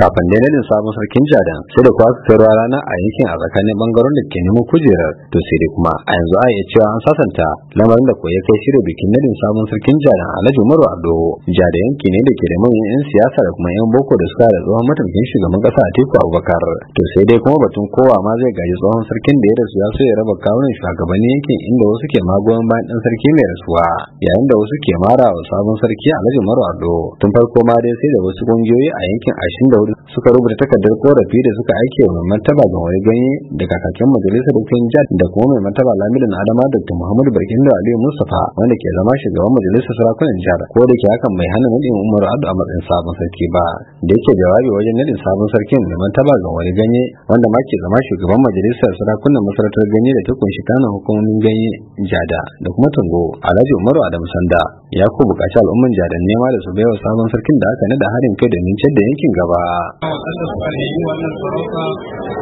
kafin da nadin sabon sarkin jadan sai da kuwa suka ruwa rana a yankin a tsakanin bangaren da ke nemo kujerar to sai dai kuma a yanzu a iya cewa an sasanta lamarin da koya kai shirya bikin nadin sabon sarkin jadan alhaji umaru ado jada yanki ne da ke da manyan yan siyasa da kuma yan boko da suka da tsohon mataimakin shugaban kasa a teku abubakar to sai dai kuma batun kowa ma zai gaji tsohon sarkin da ya rasu ya so ya raba kawunan shugabannin yankin inda wasu ke magoyan bayan dan sarki mai rasuwa yayin da wasu ke mara sabon sarki alhaji umaru ado tun farko ma dai sai da wasu kungiyoyi a yankin ashirin da sauri suka rubuta takardar korafi da suka aike wa mai martaba ga wani ganye da kakakin majalisar dokokin jihar da kuma mai martaba lamidin adama dr muhammadu da aliyu mustapha wanda ke zama shugaban majalisar sarakunan jihar ko da ke hakan mai hana nadin umaru adu a matsayin sabon sarki ba da yake jawabi wajen nadin sabon sarkin mai martaba ga wani ganye wanda ma ke zama shugaban majalisar sarakunan masarautar ganye da ta kunshi kanan hukumomin ganye jada da kuma Tango, alhaji umaru adamu sanda ya ku bukaci al'umman jadan nema da su baiwa sabon sarkin da aka nada harin kai da mincin da yankin gaba wanda suka nemi wannan sarauta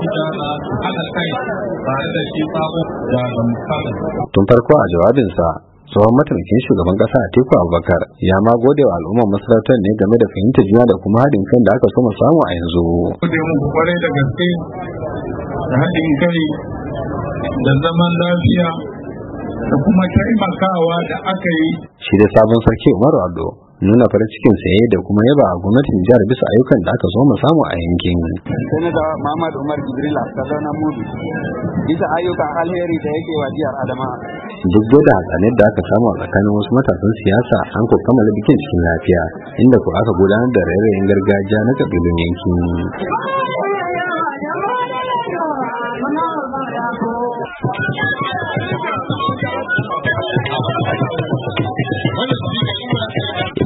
ita na hana kai tare da shi sabon da Tun farko a jawabinsa tsohon mataimakin shugaban kasa a teku abubakar ya ma gode wa al'ummar masarautar ne game da fahimtar juna da kuma haɗin kan da aka so mu samu a yanzu. Gode mu kwarai da gaske da haɗin kai da zaman lafiya da kuma taimakawa da aka yi. Shi da sabon sarki Umaru Ado nuna farin cikin saye da kuma yaba a gwamnatin jihar bisa ayyukan da aka zo mu samu a yankin. Sanata Muhammad Umar Jibrila Kaduna Mubi bisa ayyukan alheri da yake wa jihar Adama. Duk da hatsanin da aka samu a tsakanin wasu matasan siyasa an ko kammala bikin cikin lafiya inda ko aka gudanar da rairayin gargajiya na kabilun yankin.